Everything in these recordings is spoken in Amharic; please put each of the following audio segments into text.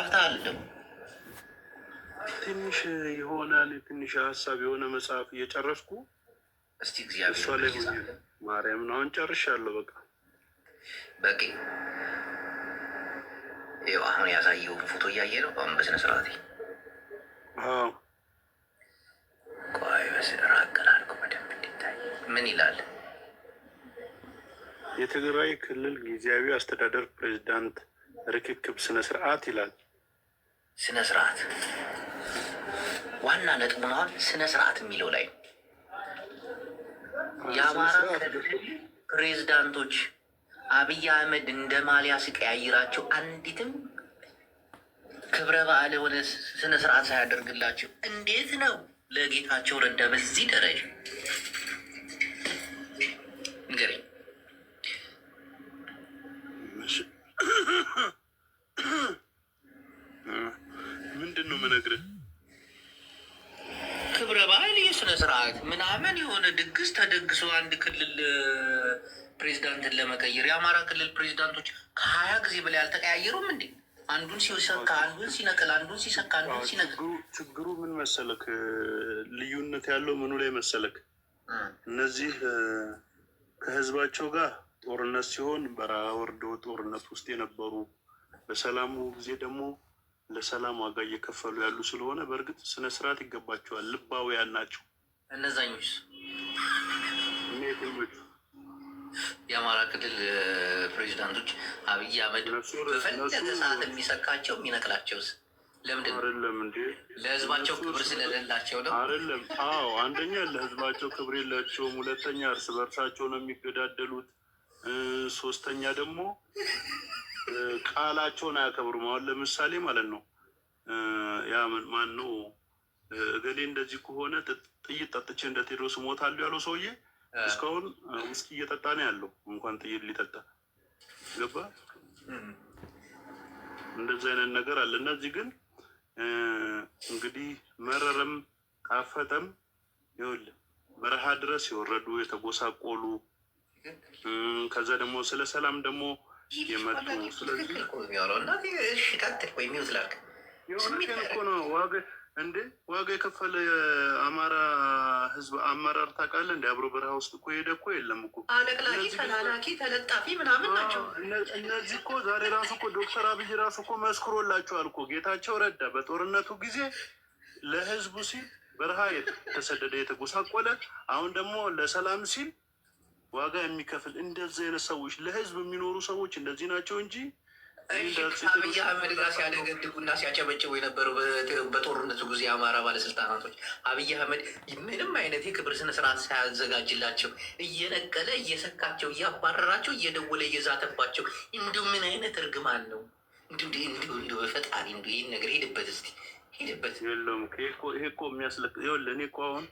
ጠፍተሃል ደግሞ ትንሽ የሆነ ትንሽ ሀሳብ የሆነ መጽሐፍ እየጨረስኩ እስቲ እግዚአብሔር ማርያም ነው። አሁን ጨርሻለሁ። በቃ በቂ። ይኸው አሁን ያሳየውን ፎቶ እያየ ነው። አሁን በስነ ስርዓት ቆይ፣ በስራ አቀላልኩ በደንብ እንዲታይ። ምን ይላል? የትግራይ ክልል ጊዜያዊ አስተዳደር ፕሬዚዳንት ርክክብ ስነ ስርዓት ይላል። ስነ ስርዓት ዋና ነጥቡ አሁን ስነ ስርዓት የሚለው ላይ የአማራ ፕሬዚዳንቶች አብይ አህመድ እንደ ማሊያ ሲቀያይራቸው አንዲትም ክብረ በዓል የሆነ ስነ ስርዓት ሳያደርግላቸው እንዴት ነው ለጌታቸው ረዳ በዚህ ደረጃ ሰው አንድ ክልል ፕሬዚዳንትን ለመቀየር የአማራ ክልል ፕሬዚዳንቶች ከሀያ ጊዜ በላይ አልተቀያየሩም እንዴ? አንዱን ሲሰካ አንዱን ሲነቅል አንዱን ሲሰካ አንዱን ሲነቅል። ችግሩ ምን መሰለክ፣ ልዩነት ያለው ምኑ ላይ መሰለክ፣ እነዚህ ከህዝባቸው ጋር ጦርነት ሲሆን በረሃ ወርደው ጦርነት ውስጥ የነበሩ በሰላሙ ጊዜ ደግሞ ለሰላም ዋጋ እየከፈሉ ያሉ ስለሆነ በእርግጥ ስነስርዓት ይገባቸዋል። ልባውያን ናቸው እነዛኞች። የአማራ ክልል ፕሬዚዳንቶች አብይ አህመድ በፈለገ ሰዓት የሚሰካቸው የሚነቅላቸውስ ለምንድን ለህዝባቸው ክብር ስለሌላቸው ነው። አይደለም? አዎ፣ አንደኛ ለህዝባቸው ክብር የላቸውም። ሁለተኛ እርስ በርሳቸው ነው የሚገዳደሉት። ሶስተኛ ደግሞ ቃላቸውን አያከብሩም። አሁን ለምሳሌ ማለት ነው ያ ማን ነው እገሌ እንደዚህ ከሆነ ጥይት ጠጥቼ እንደ ቴዎድሮስ እሞታለሁ ያለው ሰውዬ እስካሁን ውስኪ እየጠጣ ነው ያለው። እንኳን ጥይት ሊጠጣ ገባ። እንደዚህ አይነት ነገር አለ። እነዚህ ግን እንግዲህ መረረም ካፈጠም ይውል በረሃ ድረስ የወረዱ የተጎሳቆሉ ከዛ ደግሞ ስለ ሰላም ደግሞ የመጡ ስለዚህ እንዴ ዋጋ የከፈለ አማራ ህዝብ አመራር ታውቃለህ? እንደ አብሮ በረሃ ውስጥ እኮ ሄደ እኮ የለም እኮ አለቅላቂ ተላላኪ ተለጣፊ ምናምን ናቸው እነዚህ እኮ። ዛሬ ራሱ እኮ ዶክተር አብይ ራሱ እኮ መስክሮላቸዋል እኮ ጌታቸው ረዳ በጦርነቱ ጊዜ ለህዝቡ ሲል በረሃ የተሰደደ የተጎሳቆለ፣ አሁን ደግሞ ለሰላም ሲል ዋጋ የሚከፍል እንደዚህ አይነት ሰዎች ለህዝብ የሚኖሩ ሰዎች እንደዚህ ናቸው እንጂ አብይ አህመድ ጋር ሲያደገድጉና ሲያጨበጭቡ የነበሩ በጦርነቱ ጊዜ የአማራ ባለስልጣናቶች አብይ አህመድ ምንም አይነት የክብር ስነስርዓት ሳያዘጋጅላቸው እየነቀለ እየሰካቸው እያባረራቸው እየደወለ እየዛተባቸው እንዲሁ ምን አይነት እርግማን ነው? እንዲ እንዲሁ እንዲሁ ፈጣሪ እንዲሁ ይህን ነገር ሄድበት እስቲ ሄድበት። የለውም ይሄ እኮ የሚያስለቅ ይኸውልህ፣ እኔ እኮ አሁን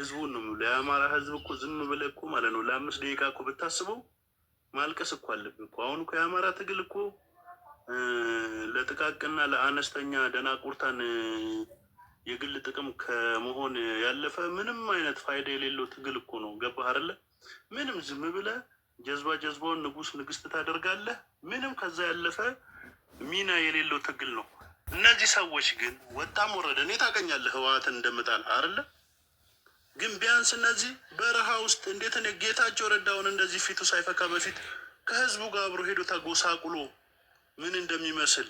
ህዝቡን ነው ለአማራ ህዝብ እኮ ዝም ብለህ እኮ ማለት ነው ለአምስት ደቂቃ እኮ ብታስበው ማልቀስ እኮ አለብን እኮ አሁን እኮ የአማራ ትግል እኮ ለጥቃቅና ለአነስተኛ ደናቁርታን የግል ጥቅም ከመሆን ያለፈ ምንም አይነት ፋይዳ የሌለው ትግል እኮ ነው። ገባህ አይደለ? ምንም ዝም ብለህ ጀዝባ ጀዝባውን ንጉስ ንግስት ታደርጋለህ። ምንም ከዛ ያለፈ ሚና የሌለው ትግል ነው። እነዚህ ሰዎች ግን ወጣም ወረደ እኔ ታገኛለህ ህወሓትን እንደምጣል አይደለ? ግን ቢያንስ እነዚህ በረሃ ውስጥ እንዴት ጌታቸው ረዳውን እንደዚህ ፊቱ ሳይፈካ በፊት ከህዝቡ ጋር አብሮ ሄዶ ተጎሳቁሎ ምን እንደሚመስል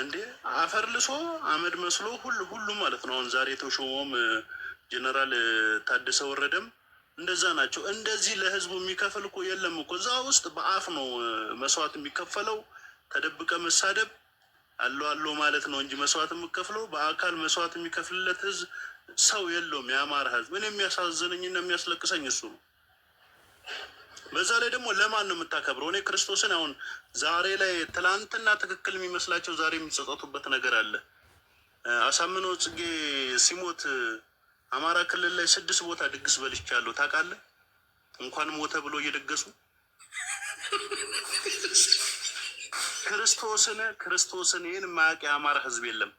እንዴ አፈር ልሶ አመድ መስሎ ሁሉ ሁሉም ማለት ነው። አሁን ዛሬ የተሾመውም ጀነራል ታደሰ ወረደም እንደዛ ናቸው። እንደዚህ ለህዝቡ የሚከፍል እኮ የለም እኮ እዛ ውስጥ በአፍ ነው መስዋዕት የሚከፈለው። ተደብቀ መሳደብ አለ አለ ማለት ነው እንጂ መስዋዕት የምከፍለው በአካል መስዋዕት የሚከፍልለት ህዝብ ሰው የለውም። የአማራ ህዝብ እኔ የሚያሳዝነኝና የሚያስለቅሰኝ እሱ ነው። በዛ ላይ ደግሞ ለማን ነው የምታከብረው? እኔ ክርስቶስን አሁን ዛሬ ላይ ትላንትና ትክክል የሚመስላቸው ዛሬ የሚጸጸቱበት ነገር አለ። አሳምኖ ጽጌ ሲሞት አማራ ክልል ላይ ስድስት ቦታ ድግስ በልቻለሁ ታውቃለህ። እንኳን ሞተ ብሎ እየደገሱ ክርስቶስን ክርስቶስን ይህን ማያውቅ የአማራ ህዝብ የለም።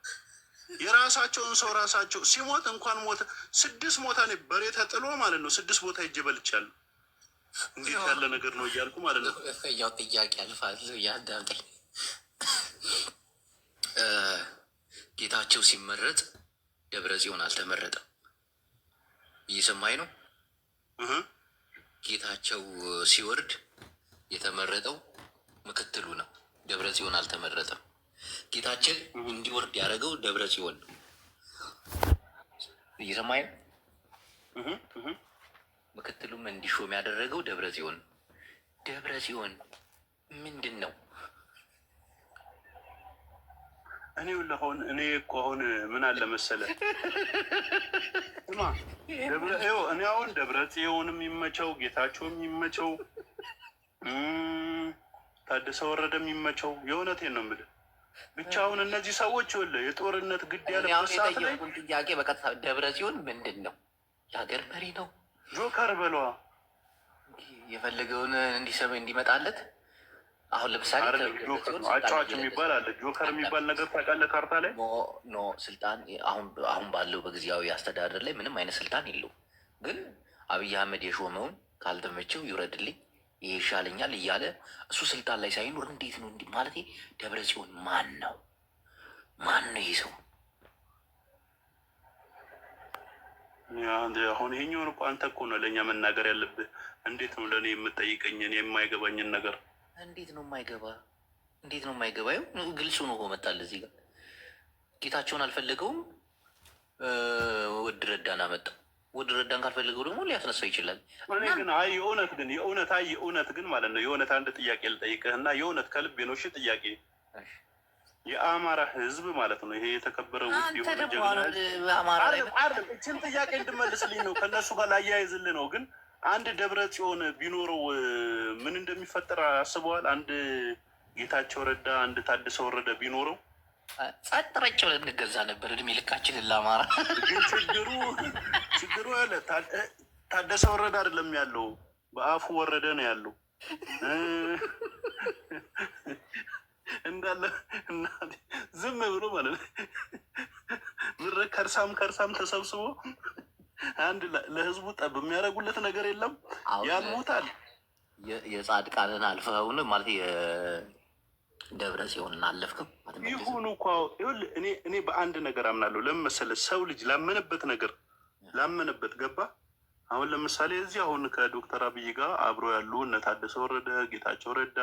የራሳቸውን ሰው ራሳቸው ሲሞት እንኳን ሞተ ስድስት ቦታ በሬ ተጥሎ ማለት ነው ስድስት ቦታ ይጀ በልቻለሁ እንዴት ያለ ነገር ነው እያልኩ ማለት ነው። ያው ጥያቄ አልፋል እያዳምጠኝ ጌታቸው ሲመረጥ ደብረ ጽዮን አልተመረጠም። እየሰማኝ ነው። ጌታቸው ሲወርድ የተመረጠው ምክትሉ ነው። ደብረ ጽዮን አልተመረጠም። ጌታችን እንዲወርድ ያደረገው ደብረ ጽዮን ነው። እየሰማኝ ነው። ምክትሉም እንዲሾም ያደረገው ደብረ ጽዮን ደብረ ጽዮን ምንድን ነው? እኔ አሁን እኔ እኮ አሁን ምን አለ መሰለ እኔ አሁን ደብረ ጽዮን የሚመቸው ጌታቸው የሚመቸው ታደሰ ወረደም የሚመቸው የእውነቴን ነው የምልህ። ብቻ አሁን እነዚህ ሰዎች ወለ የጦርነት ግድ ያለበት ሰዓት ላይ ጥያቄ በቀጥታ ደብረ ጽዮን ምንድን ነው? የሀገር መሪ ነው ጆከር በሏ የፈለገውን እንዲሰብ እንዲመጣለት። አሁን ለምሳሌ አጫዋች የሚባል አለ። ጆከር የሚባል ነገር ታውቃለህ? ካርታ ላይ ኖ ስልጣን አሁን ባለው በጊዜያዊ አስተዳደር ላይ ምንም አይነት ስልጣን የለውም። ግን አብይ አህመድ የሾመውን ካልተመቸው ይውረድልኝ፣ ይሄ ይሻለኛል እያለ እሱ ስልጣን ላይ ሳይኖር እንዴት ነው ማለት ደብረ ጽዮን ማን ነው ማን ነው ይህ ሰው አሁን ይሄኛውን እኮ አንተ እኮ ነው ለእኛ መናገር ያለብህ። እንዴት ነው ለእኔ እኔ የማይገባኝን ነገር? እንዴት ነው የማይገባ? እንዴት ነው የማይገባ? ይኸው ግልጹ ነው መጣል። እዚህ ጋር ጌታቸውን አልፈለገውም፣ ወድ ረዳን አመጣ። ወድ ረዳን ካልፈለገው ደግሞ ሊያስነሳው ይችላል። እኔ ግን አይ የእውነት ግን የእውነት አይ የእውነት ግን ማለት ነው የእውነት አንድ ጥያቄ ልጠይቅህ እና የእውነት ከልቤ ነው እሺ ጥያቄ የአማራ ህዝብ ማለት ነው። ይሄ የተከበረ ውድ ጥያቄ እንድመልስልኝ ነው። ከእነሱ ጋር ላያይዝልህ ነው። ግን አንድ ደብረ ጽዮን ቢኖረው ምን እንደሚፈጠር አስበዋል? አንድ ጌታቸው ረዳ፣ አንድ ታደሰ ወረደ ቢኖረው ጸጥ ረጭ ብለን እንገዛ ነበር። እድሜ ልካችንን ለአማራ ግን ችግሩ ችግሩ ያለ ታደሰ ወረደ አይደለም ያለው፣ በአፉ ወረደ ነው ያለው። እንዳለ እናቴ ዝም ብሎ ማለት ነው። ምድረ ከርሳም ከርሳም ተሰብስቦ አንድ ለህዝቡ ጠብ የሚያደርጉለት ነገር የለም። ያልሞታል የጻድቃንን አልፈውን ማለት የደብረ ጽዮንን አለፍክም ይሁኑ እኮ እኔ በአንድ ነገር አምናለሁ። ለምን መሰለህ? ሰው ልጅ ላመነበት ነገር ላመነበት ገባ አሁን ለምሳሌ እዚህ አሁን ከዶክተር አብይ ጋር አብሮ ያሉ እነ ታደሰ ወረደ፣ ጌታቸው ረዳ፣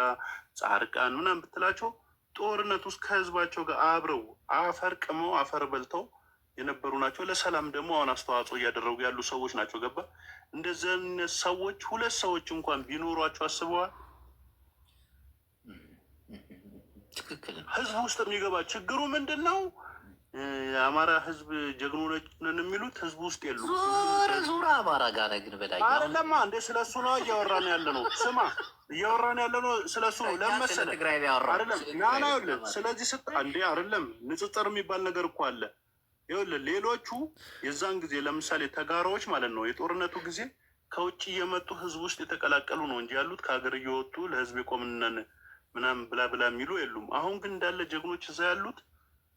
ጻድቃን ምናምን ብትላቸው ጦርነት ውስጥ ከህዝባቸው ጋር አብረው አፈር ቅመው አፈር በልተው የነበሩ ናቸው። ለሰላም ደግሞ አሁን አስተዋጽኦ እያደረጉ ያሉ ሰዎች ናቸው። ገባ እንደዚህ ሰዎች ሁለት ሰዎች እንኳን ቢኖሯቸው አስበዋል። ህዝብ ውስጥ የሚገባ ችግሩ ምንድን ነው? የአማራ ህዝብ ጀግኖች ነን የሚሉት ህዝብ ውስጥ የሉ። ዙር ዙር አማራ ጋር ግን በላይ አለማ እንደ ስለ እሱ ነው እያወራን ያለ ነው። ስማ እያወራን ያለ ነው ስለ እሱ ነው። ለመሰለ አይደለም ናና ይለ ስለዚህ ስ እንዴ አይደለም። ንጽጽር የሚባል ነገር እኮ አለ። ይኸውልህ ሌሎቹ የዛን ጊዜ ለምሳሌ ተጋራዎች ማለት ነው የጦርነቱ ጊዜ ከውጭ እየመጡ ህዝብ ውስጥ የተቀላቀሉ ነው እንጂ ያሉት ከሀገር እየወጡ ለህዝብ የቆምነን ምናምን ብላ ብላ የሚሉ የሉም። አሁን ግን እንዳለ ጀግኖች እዛ ያሉት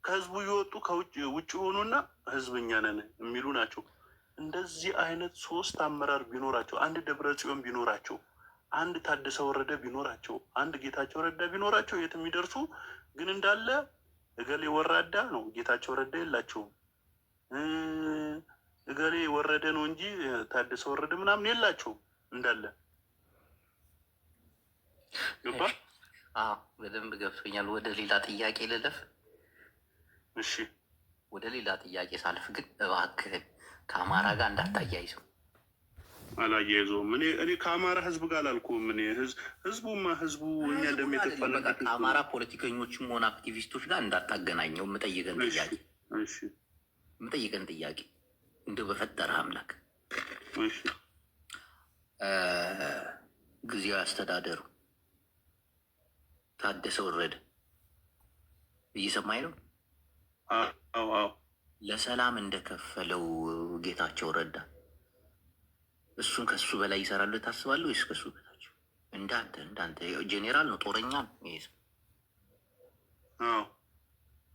ከህዝቡ እየወጡ ከውጭ ውጭ የሆኑና ህዝብኛ ነን የሚሉ ናቸው። እንደዚህ አይነት ሶስት አመራር ቢኖራቸው፣ አንድ ደብረ ጽዮን ቢኖራቸው፣ አንድ ታደሰ ወረደ ቢኖራቸው፣ አንድ ጌታቸው ረዳ ቢኖራቸው የት የሚደርሱ ግን እንዳለ እገሌ ወራዳ ነው፣ ጌታቸው ረዳ የላቸውም። እገሌ ወረደ ነው እንጂ ታደሰ ወረደ ምናምን የላቸውም እንዳለ ገባ። በደንብ ገብቶኛል። ወደ ሌላ ጥያቄ ልለፍ። እሺ ወደ ሌላ ጥያቄ ሳልፍ ግን እባክህን ከአማራ ጋር እንዳታያይዘው። አላያይዘውም። እኔ እኔ ከአማራ ህዝብ ጋር አላልኩም። እኔ ህዝቡማ ህዝቡ እኛ የተፈለ ከአማራ ፖለቲከኞችም ሆነ አክቲቪስቶች ጋር እንዳታገናኘው። የምጠይቀን ጥያቄ የምጠይቀን ጥያቄ እንደ በፈጠረ አምላክ ጊዜያዊ አስተዳደሩ ታደሰ ወረደ እየሰማኝ ነው ለሰላም እንደከፈለው ጌታቸው ረዳ እሱን ከሱ በላይ ይሰራሉ ታስባለህ ወይስ ከሱ በታቸው? እንዳንተ እንዳንተ ጄኔራል ነው ጦረኛ ነው።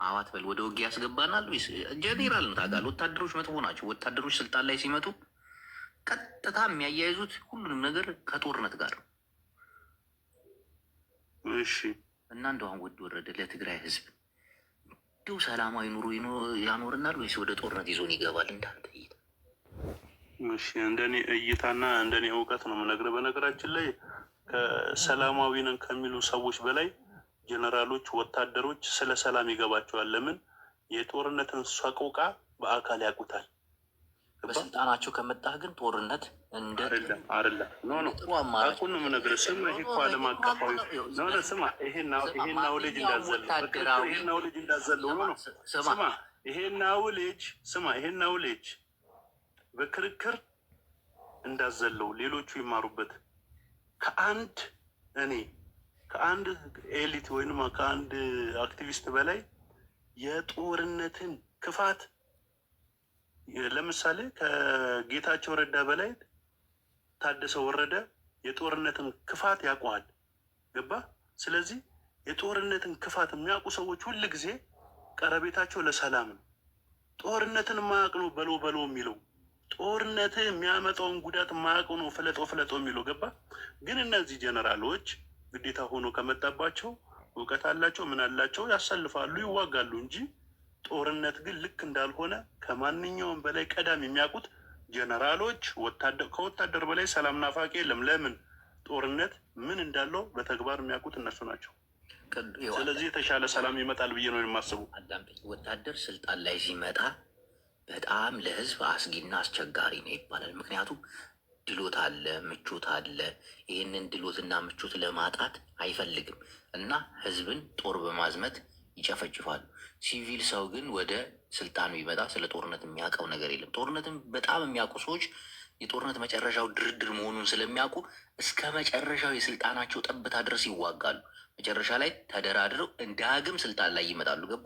አዋት በል ወደ ውጊያ ያስገባናል ወይስ ጄኔራል ነው? ታውቃለህ ወታደሮች መጥፎ ናቸው። ወታደሮች ስልጣን ላይ ሲመጡ ቀጥታ የሚያያይዙት ሁሉንም ነገር ከጦርነት ጋር ነው። እሺ እና እንደው አሁን ወድ ወረደ ለትግራይ ህዝብ እንዲሁ ሰላማዊ ኑሮ ያኖርናል ወይስ ወደ ጦርነት ይዞን ይገባል? እንዳንተ እሺ፣ እንደኔ እይታና እንደኔ እውቀት ነው የምነግርህ። በነገራችን ላይ ከሰላማዊ ነን ከሚሉ ሰዎች በላይ ጀነራሎች፣ ወታደሮች ስለ ሰላም ይገባቸዋል። ለምን የጦርነትን ሰቆቃ በአካል ያውቁታል። በስልጣናቸው ከመጣህ ግን ጦርነት እንደ አይደለም ጥሩ ስም ይሄ ስማ እንዳዘለው ስማ ስማ በክርክር እንዳዘለው ሌሎቹ ይማሩበት። ከአንድ እኔ ከአንድ ኤሊት ወይንም ከአንድ አክቲቪስት በላይ የጦርነትን ክፋት ለምሳሌ ከጌታቸው ረዳ በላይ ታደሰ ወረደ የጦርነትን ክፋት ያውቀዋል። ገባ? ስለዚህ የጦርነትን ክፋት የሚያውቁ ሰዎች ሁል ጊዜ ቀረቤታቸው ለሰላም ነው። ጦርነትን ማያውቅ ነው በሎ በሎ የሚለው ጦርነት የሚያመጣውን ጉዳት ማያውቅ ነው ፍለጦ ፍለጦ የሚለው ገባ? ግን እነዚህ ጀነራሎች ግዴታ ሆኖ ከመጣባቸው እውቀት አላቸው ምን አላቸው፣ ያሳልፋሉ፣ ይዋጋሉ እንጂ ጦርነት ግን ልክ እንዳልሆነ ከማንኛውም በላይ ቀዳም የሚያውቁት ጀነራሎች፣ ከወታደር በላይ ሰላም ናፋቂ የለም። ለምን ጦርነት ምን እንዳለው በተግባር የሚያውቁት እነሱ ናቸው። ስለዚህ የተሻለ ሰላም ይመጣል ብዬ ነው የማስቡ። ወታደር ስልጣን ላይ ሲመጣ በጣም ለህዝብ አስጊና አስቸጋሪ ነው ይባላል። ምክንያቱም ድሎት አለ፣ ምቾት አለ። ይህንን ድሎትና ምቾት ለማጣት አይፈልግም እና ህዝብን ጦር በማዝመት ይጨፈጭፋሉ። ሲቪል ሰው ግን ወደ ስልጣን ቢመጣ ስለ ጦርነት የሚያውቀው ነገር የለም። ጦርነትም በጣም የሚያውቁ ሰዎች የጦርነት መጨረሻው ድርድር መሆኑን ስለሚያውቁ እስከ መጨረሻው የስልጣናቸው ጠብታ ድረስ ይዋጋሉ። መጨረሻ ላይ ተደራድረው እንደ ስልጣን ላይ ይመጣሉ። ገባ